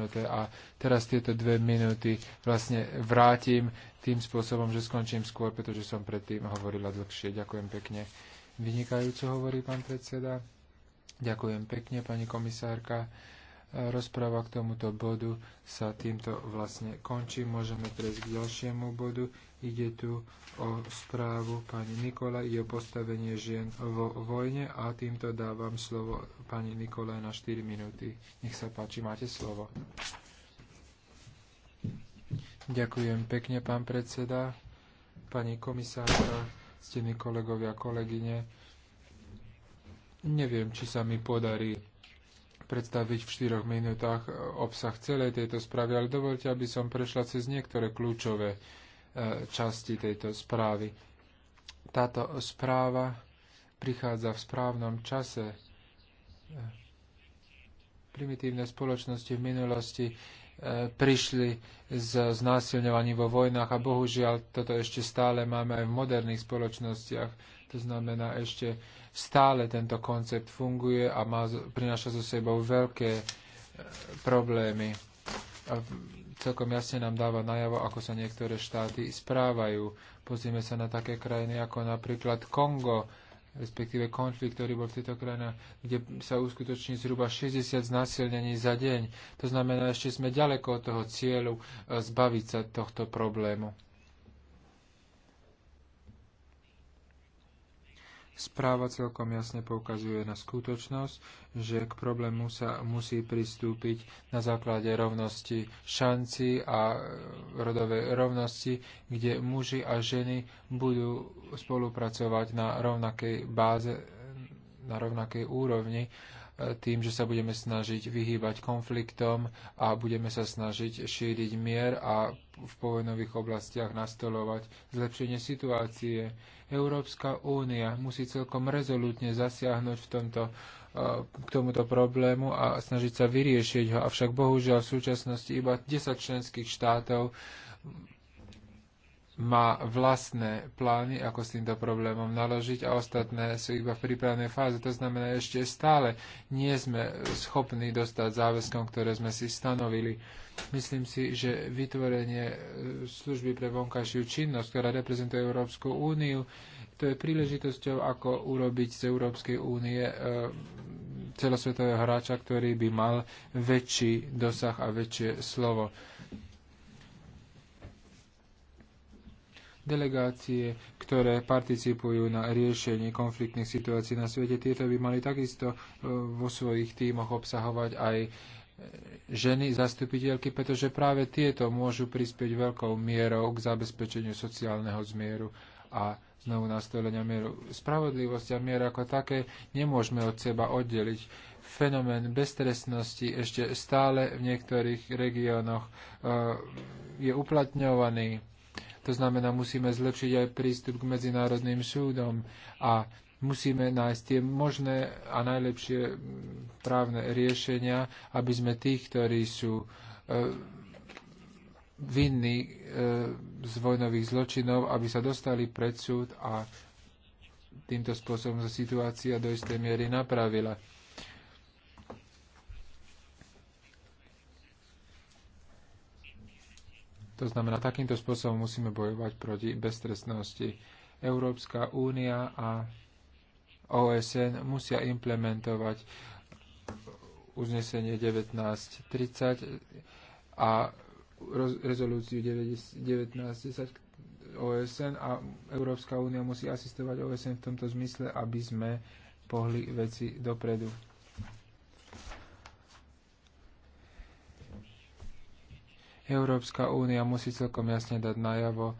dohodnuté. A teraz tieto dve minúty vlastne vrátim tým spôsobom, že skončím skôr, pretože som predtým hovorila dlhšie. Ďakujem pekne. Vynikajúco hovorí pán predseda. Ďakujem pekne, pani komisárka. Rozpráva k tomuto bodu sa týmto vlastne končí. Môžeme prejsť k ďalšiemu bodu. Ide tu o správu pani Nikola i o postavenie žien vo vojne a týmto dávam slovo pani Nikola na 4 minúty. Nech sa páči, máte slovo. Ďakujem pekne, pán predseda, pani komisárka, mi kolegovia, kolegyne. Neviem, či sa mi podarí predstaviť v štyroch minútach e, obsah celej tejto správy, ale dovolte, aby som prešla cez niektoré kľúčové e, časti tejto správy. Táto správa prichádza v správnom čase. E, Primitívne spoločnosti v minulosti prišli z znásilňovaním vo vojnách a bohužiaľ toto ešte stále máme aj v moderných spoločnostiach. To znamená, ešte stále tento koncept funguje a má, prináša so sebou veľké e, problémy. A celkom jasne nám dáva najavo, ako sa niektoré štáty správajú. Pozrieme sa na také krajiny ako napríklad Kongo, respektíve konflikt, ktorý bol v tejto krajine, kde sa uskutoční zhruba 60 znásilnení za deň. To znamená, ešte sme ďaleko od toho cieľu e, zbaviť sa tohto problému. Správa celkom jasne poukazuje na skutočnosť, že k problému sa musí pristúpiť na základe rovnosti šanci a e, rodovej rovnosti, kde muži a ženy budú spolupracovať na rovnakej báze, na rovnakej úrovni tým, že sa budeme snažiť vyhýbať konfliktom a budeme sa snažiť šíriť mier a v povojnových oblastiach nastolovať zlepšenie situácie. Európska únia musí celkom rezolútne zasiahnuť v tomto, eh, k tomuto problému a snažiť sa vyriešiť ho. Avšak bohužiaľ v súčasnosti iba 10 členských štátov má vlastné plány, ako s týmto problémom naložiť a ostatné sú iba v prípravnej fáze. To znamená, ešte stále nie sme schopní dostať záväzkom, ktoré sme si stanovili. Myslím si, že vytvorenie e, služby pre vonkajšiu činnosť, ktorá reprezentuje Európsku úniu, to je príležitosťou, ako urobiť z Európskej únie e, celosvetového hráča, ktorý by mal väčší dosah a väčšie slovo Delegácie, ktoré participujú na riešení konfliktných situácií na svete, tieto by mali takisto e, vo svojich tímoch obsahovať aj e, ženy zastupiteľky, pretože práve tieto môžu prispieť veľkou mierou k zabezpečeniu sociálneho zmieru a znovu nastolenia mieru. Spravodlivosť a mier ako také nemôžeme od seba oddeliť. Fenomén beztrestnosti ešte stále v niektorých regiónoch e, je uplatňovaný to znamená, musíme zlepšiť aj prístup k medzinárodným súdom a musíme nájsť tie možné a najlepšie právne riešenia, aby sme tých, ktorí sú e, vinní e, z vojnových zločinov, aby sa dostali pred súd a týmto spôsobom sa situácia do istej miery napravila. To znamená, takýmto spôsobom musíme bojovať proti beztrestnosti. Európska únia a OSN musia implementovať uznesenie 1930 a rezolúciu 1910 OSN a Európska únia musí asistovať OSN v tomto zmysle, aby sme pohli veci dopredu. Európska únia musí celkom jasne dať najavo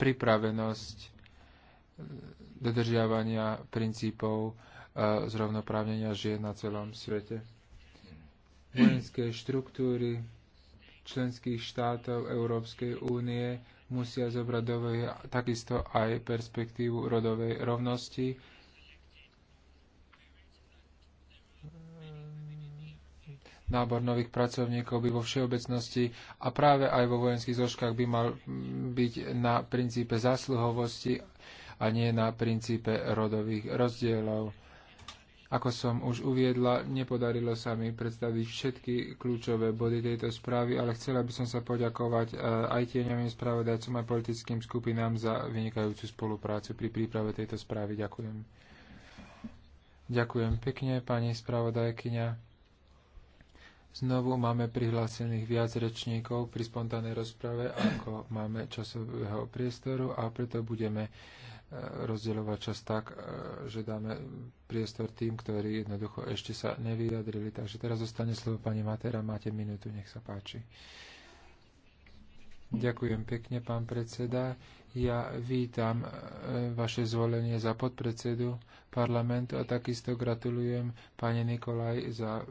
pripravenosť dodržiavania princípov e, zrovnoprávnenia žien na celom svete. Vojenské štruktúry členských štátov Európskej únie musia zobrať do takisto aj perspektívu rodovej rovnosti, nábor nových pracovníkov by vo všeobecnosti a práve aj vo vojenských zložkách by mal mm, byť na princípe zásluhovosti a nie na princípe rodových rozdielov. Ako som už uviedla, nepodarilo sa mi predstaviť všetky kľúčové body tejto správy, ale chcela by som sa poďakovať e, aj tieňovým spravodajcom a politickým skupinám za vynikajúcu spoluprácu pri príprave tejto správy. Ďakujem. Ďakujem pekne, pani spravodajkyňa. Znovu máme prihlásených viac rečníkov pri spontánnej rozprave, ako máme časového priestoru a preto budeme e, rozdeľovať čas tak, e, že dáme priestor tým, ktorí jednoducho ešte sa nevyjadrili. Takže teraz zostane slovo pani Matera. Máte minútu, nech sa páči. Ďakujem pekne, pán predseda. Ja vítam e, vaše zvolenie za podpredsedu parlamentu a takisto gratulujem pani Nikolaj za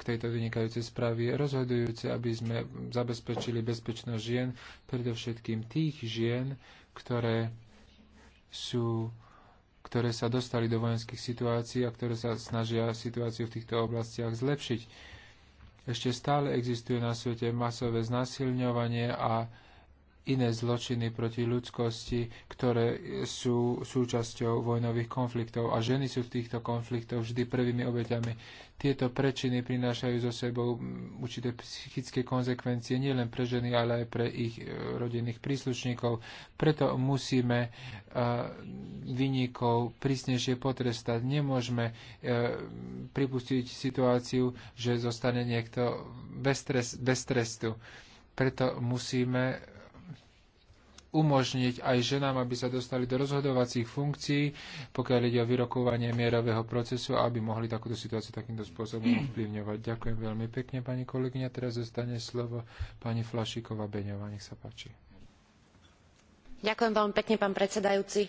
k tejto vynikajúcej správy. rozhodujúce, aby sme zabezpečili bezpečnosť žien, predovšetkým tých žien, ktoré sú ktoré sa dostali do vojenských situácií a ktoré sa snažia situáciu v týchto oblastiach zlepšiť. Ešte stále existuje na svete masové znasilňovanie a iné zločiny proti ľudskosti, ktoré sú súčasťou vojnových konfliktov a ženy sú v týchto konfliktoch vždy prvými obeťami. Tieto prečiny prinášajú so sebou určité psychické konsekvencie nielen pre ženy, ale aj pre ich e, rodinných príslušníkov. Preto musíme e, vynikov prísnejšie potrestať. Nemôžeme e, pripustiť situáciu, že zostane niekto bez, trest, bez trestu. Preto musíme umožniť aj ženám, aby sa dostali do rozhodovacích funkcií, pokiaľ ide o vyrokovanie mierového procesu, aby mohli takúto situáciu takýmto spôsobom ovplyvňovať. Ďakujem veľmi pekne, pani kolegyňa. Teraz zostane slovo pani Flašíková Beňová. Nech sa páči. Ďakujem veľmi pekne, pán predsedajúci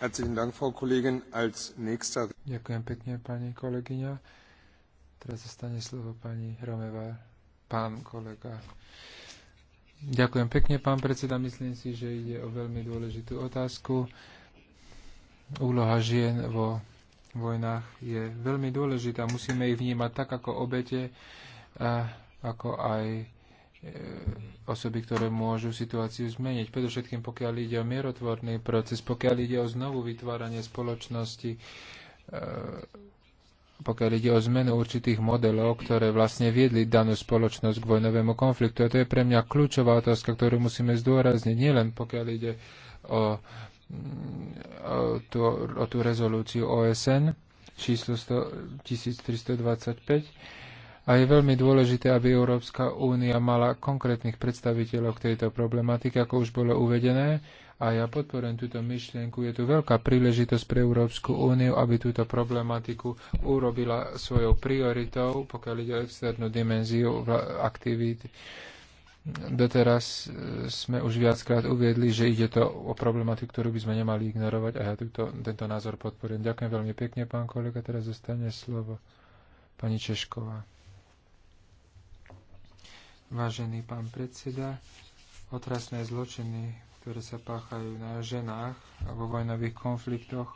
Ďakujem pekne, pani kolegyňa. Teraz zostane slovo pani Romeva, pán kolega. Ďakujem pekne, pán predseda. Myslím si, že ide o veľmi dôležitú otázku. Úloha žien vo vojnách je veľmi dôležitá. Musíme ich vnímať tak ako obete, ako aj E, osoby, ktoré môžu situáciu zmeniť. Predovšetkým pokiaľ ide o mierotvorný proces, pokiaľ ide o znovu vytváranie spoločnosti, e, pokiaľ ide o zmenu určitých modelov, ktoré vlastne viedli danú spoločnosť k vojnovému konfliktu. A to je pre mňa kľúčová otázka, ktorú musíme zdôrazniť, nielen pokiaľ ide o, o, tú, o tú rezolúciu OSN číslo 100, 1325, a je veľmi dôležité, aby Európska únia mala konkrétnych predstaviteľov k tejto problematike, ako už bolo uvedené. A ja podporujem túto myšlienku. Je tu veľká príležitosť pre Európsku úniu, aby túto problematiku urobila svojou prioritou, pokiaľ ide o externú dimenziu aktivít. Doteraz e, sme už viackrát uviedli, že ide to o problematiku, ktorú by sme nemali ignorovať a ja túto, tento názor podporujem. Ďakujem veľmi pekne, pán kolega. Teraz zostane slovo pani Češková. Vážený pán predseda, otrasné zločiny, ktoré sa páchajú na ženách a vo vojnových konfliktoch,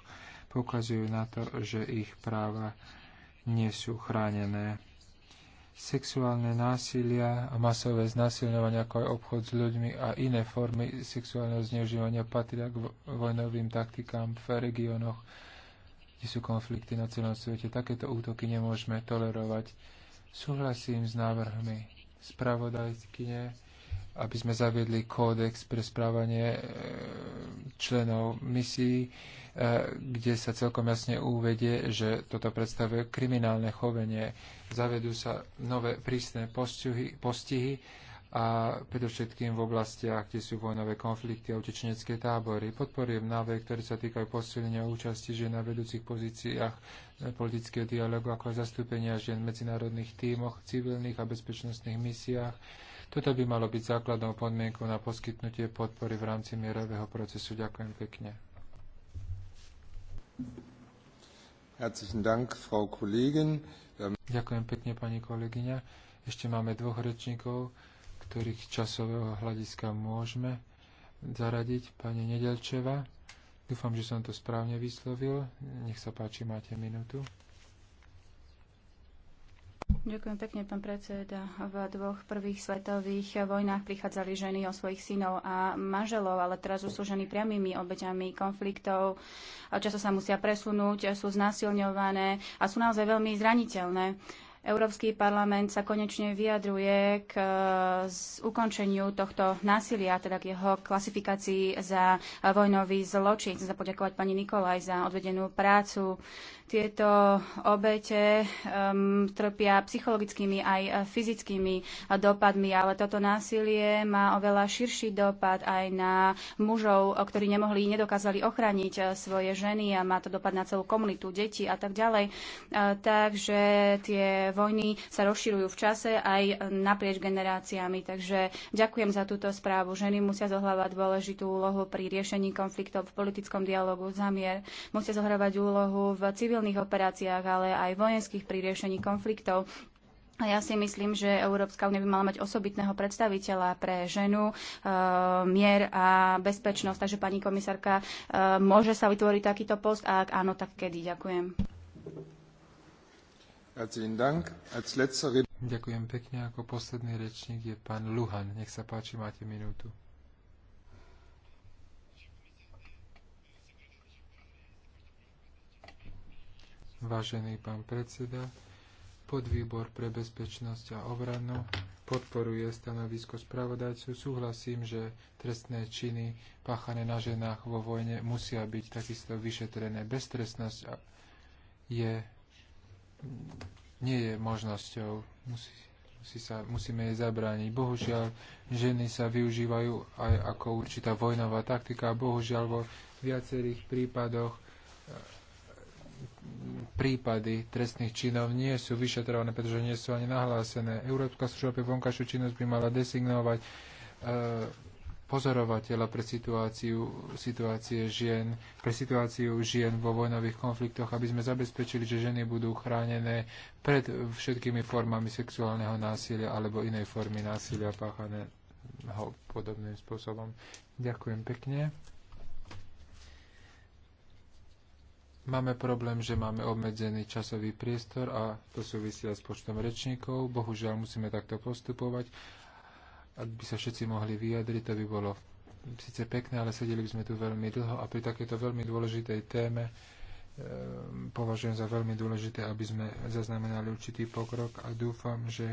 poukazujú na to, že ich práva nie sú chránené. Sexuálne násilia a masové znásilňovanie, ako aj obchod s ľuďmi a iné formy sexuálneho zneužívania patria k vojnovým taktikám v regiónoch, kde sú konflikty na celom svete. Takéto útoky nemôžeme tolerovať. Súhlasím s návrhmi spravodajkyne, aby sme zaviedli kódex pre správanie e, členov misií, e, kde sa celkom jasne uvedie, že toto predstavuje kriminálne chovenie. Zavedú sa nové prísne postihy, postihy a predovšetkým v oblastiach, kde sú vojnové konflikty a utečenecké tábory. Podporujem návrhy, ktoré sa týkajú posilnenia účasti žien na vedúcich pozíciách e, politického dialogu, ako aj zastúpenia žien v medzinárodných tímoch, civilných a bezpečnostných misiách. Toto by malo byť základnou podmienkou na poskytnutie podpory v rámci mierového procesu. Ďakujem pekne. Ďakujem pekne, pani kolegyňa. Ešte máme dvoch rečníkov ktorých časového hľadiska môžeme zaradiť pani Nedelčeva. Dúfam, že som to správne vyslovil. Nech sa páči, máte minútu. Ďakujem pekne, pán predseda. V dvoch prvých svetových vojnách prichádzali ženy o svojich synov a manželov, ale teraz už sú ženy priamými obeťami konfliktov. Často sa musia presunúť, sú znásilňované a sú naozaj veľmi zraniteľné. Európsky parlament sa konečne vyjadruje k e, ukončeniu tohto násilia, teda k jeho klasifikácii za vojnový zločin. Chcem sa poďakovať pani Nikolaj za odvedenú prácu. Tieto obete um, trpia psychologickými aj fyzickými dopadmi, ale toto násilie má oveľa širší dopad aj na mužov, ktorí nemohli, nedokázali ochrániť e, svoje ženy a má to dopad na celú komunitu, deti a tak ďalej. E, takže tie vojny sa rozširujú v čase aj naprieč generáciami. Takže ďakujem za túto správu. Ženy musia zohľavať dôležitú úlohu pri riešení konfliktov v politickom dialogu za mier. Musia zohrávať úlohu v civilných operáciách, ale aj vojenských pri riešení konfliktov. A ja si myslím, že Európska únia by mala mať osobitného predstaviteľa pre ženu, e, mier a bezpečnosť. Takže pani komisárka, e, môže sa vytvoriť takýto post a ak áno, tak kedy? Ďakujem. Ďakujem pekne. Ako posledný rečník je pán Luhan. Nech sa páči, máte minútu. Vážený pán predseda, podvýbor pre bezpečnosť a obranu podporuje stanovisko spravodajcu. Súhlasím, že trestné činy páchané na ženách vo vojne musia byť takisto vyšetrené. Beztrestnosť je nie je možnosťou. Musí, musí sa, musíme jej zabrániť. Bohužiaľ, ženy sa využívajú aj ako určitá vojnová taktika. Bohužiaľ, vo viacerých prípadoch e, prípady trestných činov nie sú vyšetrované, pretože nie sú ani nahlásené. Európska služba pre vonkajšiu činnosť by mala designovať e, pozorovateľa pre situáciu, situácie žien, pre situáciu žien vo vojnových konfliktoch, aby sme zabezpečili, že ženy budú chránené pred všetkými formami sexuálneho násilia alebo inej formy násilia páchaného podobným spôsobom. Ďakujem pekne. Máme problém, že máme obmedzený časový priestor a to súvisia s počtom rečníkov. Bohužiaľ musíme takto postupovať ak by sa všetci mohli vyjadriť, to by bolo síce pekné, ale sedeli by sme tu veľmi dlho a pri takejto veľmi dôležitej téme e, považujem za veľmi dôležité, aby sme zaznamenali určitý pokrok a dúfam, že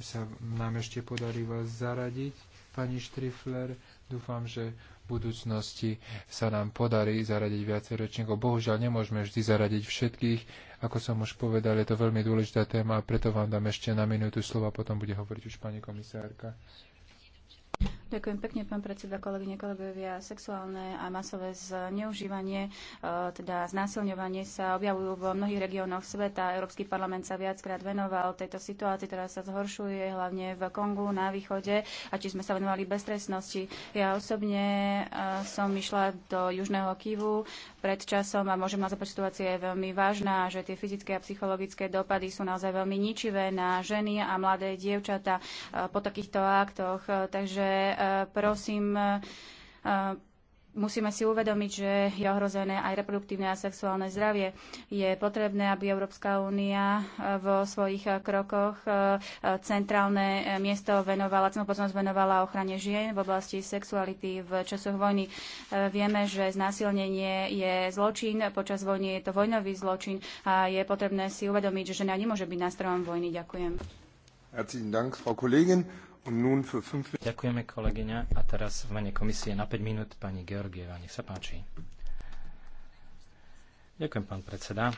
sa nám ešte podarí vás zaradiť pani Štrifler. Dúfam, že v budúcnosti sa nám podarí zaradiť viacej ročníkov. Bohužiaľ nemôžeme vždy zaradiť všetkých. Ako som už povedal, je to veľmi dôležitá téma a preto vám dám ešte na minútu slova, potom bude hovoriť už pani komisárka. Ďakujem pekne, pán predseda, kolegyne, kolegovia. Sexuálne a masové zneužívanie, e, teda znásilňovanie sa objavujú v mnohých regiónoch sveta. Európsky parlament sa viackrát venoval tejto situácii, ktorá sa zhoršuje hlavne v Kongu, na východe, a či sme sa venovali beztrestnosti. Ja osobne e, som išla do Južného Kivu pred časom a môžem že situácia je veľmi vážna, že tie fyzické a psychologické dopady sú naozaj veľmi ničivé na ženy a mladé dievčata e, po takýchto aktoch. Takže E, prosím, e, e, musíme si uvedomiť, že je ohrozené aj reproduktívne a sexuálne zdravie. Je potrebné, aby Európska únia vo svojich krokoch centrálne miesto venovala, celú pozornosť venovala ochrane žien v oblasti sexuality v časoch vojny. Vieme, že znásilnenie je zločin, počas vojny je to vojnový zločin a je potrebné si uvedomiť, že žena nemôže byť nástrojom vojny. Ďakujem. Herzlichen Dank, Frau Kollegin. Ďakujeme kolegyňa a teraz v mene komisie na 5 minút pani Georgieva, nech sa páči. Ďakujem, pán predseda.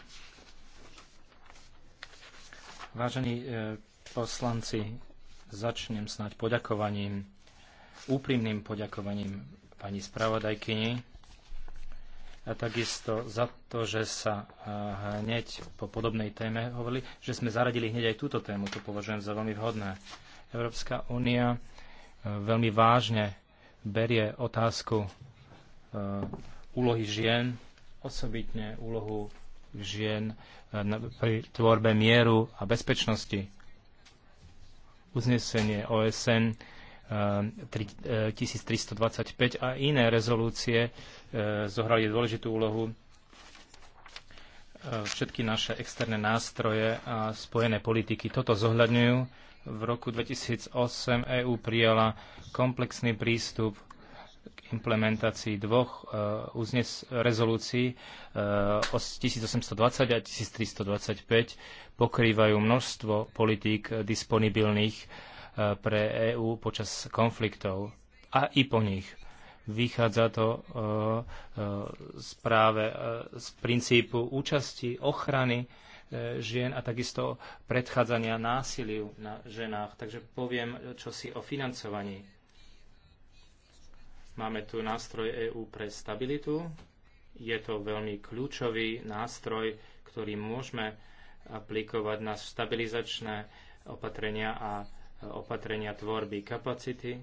Vážení e, poslanci, začnem snáď poďakovaním, úprimným poďakovaním pani spravodajkyni a takisto za to, že sa e, hneď po podobnej téme hovorili, že sme zaradili hneď aj túto tému. To považujem za veľmi vhodné. Európska únia e, veľmi vážne berie otázku e, úlohy žien, osobitne úlohu žien e, pri tvorbe mieru a bezpečnosti. Uznesenie OSN 1325 a iné rezolúcie zohrali dôležitú úlohu. Všetky naše externé nástroje a spojené politiky toto zohľadňujú v roku 2008 EÚ prijala komplexný prístup k implementácii dvoch uh, uznes rezolúcií uh, eh, 1820 a 1325 pokrývajú množstvo politík disponibilných uh, pre EÚ počas konfliktov a i po nich. Vychádza to z práve z princípu účasti, ochrany E, žien a takisto predchádzania násiliu na ženách. Takže poviem čo si o financovaní. Máme tu nástroj EÚ pre stabilitu. Je to veľmi kľúčový nástroj, ktorý môžeme aplikovať na stabilizačné opatrenia a opatrenia tvorby kapacity.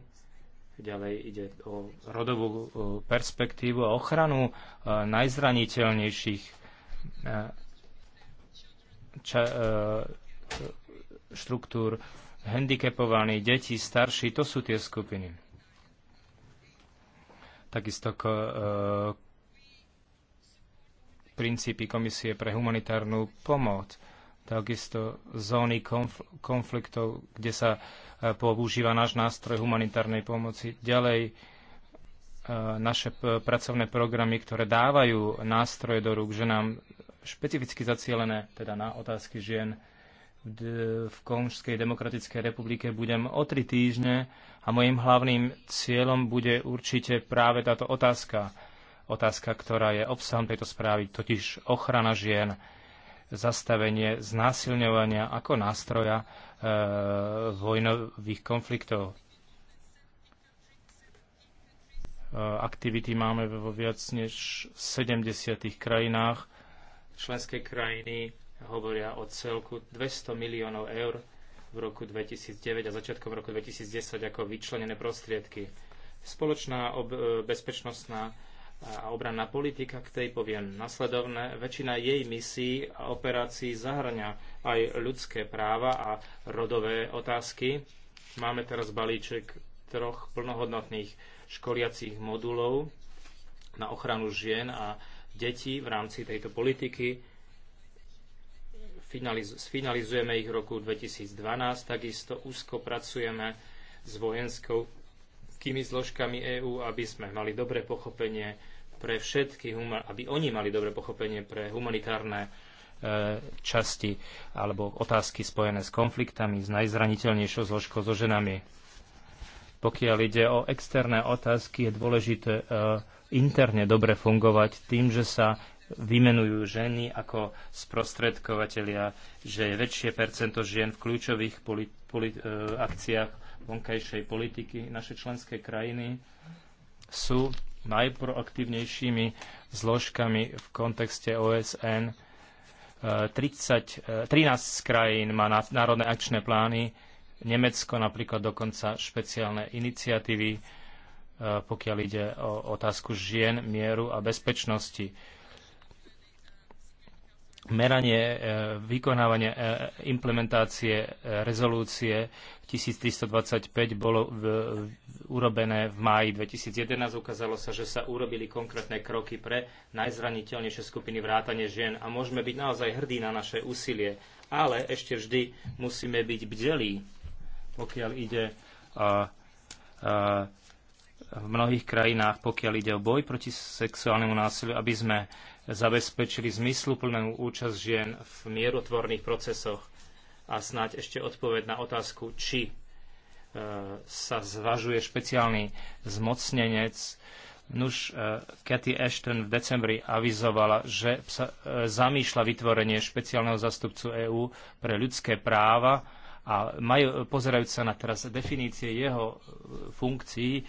Ďalej ide o rodovú e, perspektívu a ochranu e, najzraniteľnejších ča, e, štruktúr, handicapovaní, deti, starší, to sú tie skupiny. Takisto k, e, princípy Komisie pre humanitárnu pomoc, takisto zóny konf- konfliktov, kde sa e, používa náš nástroj humanitárnej pomoci. Ďalej naše pracovné programy, ktoré dávajú nástroje do rúk nám špecificky zacielené teda na otázky žien v Konžskej demokratickej republike budem o tri týždne a mojim hlavným cieľom bude určite práve táto otázka. Otázka, ktorá je obsahom tejto správy, totiž ochrana žien, zastavenie znásilňovania ako nástroja e, vojnových konfliktov. E, aktivity máme vo viac než 70 krajinách Členské krajiny hovoria o celku 200 miliónov eur v roku 2009 a začiatkom roku 2010 ako vyčlenené prostriedky. Spoločná bezpečnostná a obranná politika, k tej poviem nasledovné. Väčšina jej misií a operácií zahŕňa aj ľudské práva a rodové otázky. Máme teraz balíček troch plnohodnotných školiacich modulov na ochranu žien a detí v rámci tejto politiky. Finalizujeme ich v roku 2012, takisto úzko pracujeme s vojenskou kými zložkami EÚ, aby sme mali dobré pochopenie pre všetky, aby oni mali dobre pochopenie pre humanitárne e, časti alebo otázky spojené s konfliktami, s najzraniteľnejšou zložkou so ženami pokiaľ ide o externé otázky, je dôležité e, interne dobre fungovať tým, že sa vymenujú ženy ako sprostredkovateľia, že je väčšie percento žien v kľúčových poli- polit, e, akciách vonkajšej politiky. Naše členské krajiny sú najproaktívnejšími zložkami v kontexte OSN. 30, 13 krajín má národné akčné plány Nemecko napríklad dokonca špeciálne iniciatívy, e, pokiaľ ide o otázku žien, mieru a bezpečnosti. Meranie, e, vykonávanie e, implementácie rezolúcie 1325 bolo v, urobené v máji 2011. Ukázalo sa, že sa urobili konkrétne kroky pre najzraniteľnejšie skupiny vrátane žien a môžeme byť naozaj hrdí na naše úsilie. Ale ešte vždy musíme byť bdelí pokiaľ ide a, a, v mnohých krajinách, pokiaľ ide o boj proti sexuálnemu násiliu, aby sme zabezpečili zmysluplnú účasť žien v mierotvorných procesoch. A snáď ešte odpoveď na otázku, či e, sa zvažuje špeciálny zmocnenec. Nuž, e, Cathy Ashton v decembri avizovala, že sa e, zamýšľa vytvorenie špeciálneho zastupcu EÚ pre ľudské práva, a majú, pozerajúc sa na teraz definície jeho e, funkcií, e,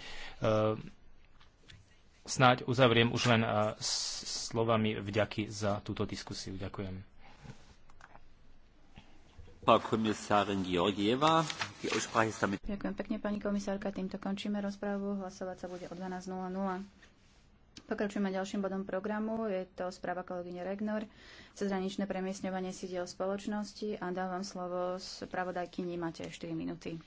snáď uzavriem už len e, slovami vďaky za túto diskusiu. Ďakujem. Ďakujem pekne, pani komisárka. Týmto končíme rozprávu. Hlasovať sa bude o 12.00. Pokračujeme ďalším bodom programu. Je to správa kolegyne Regnor, cezhraničné premiesňovanie sídiel spoločnosti a dávam slovo spravodajkyni. Máte 4 minúty.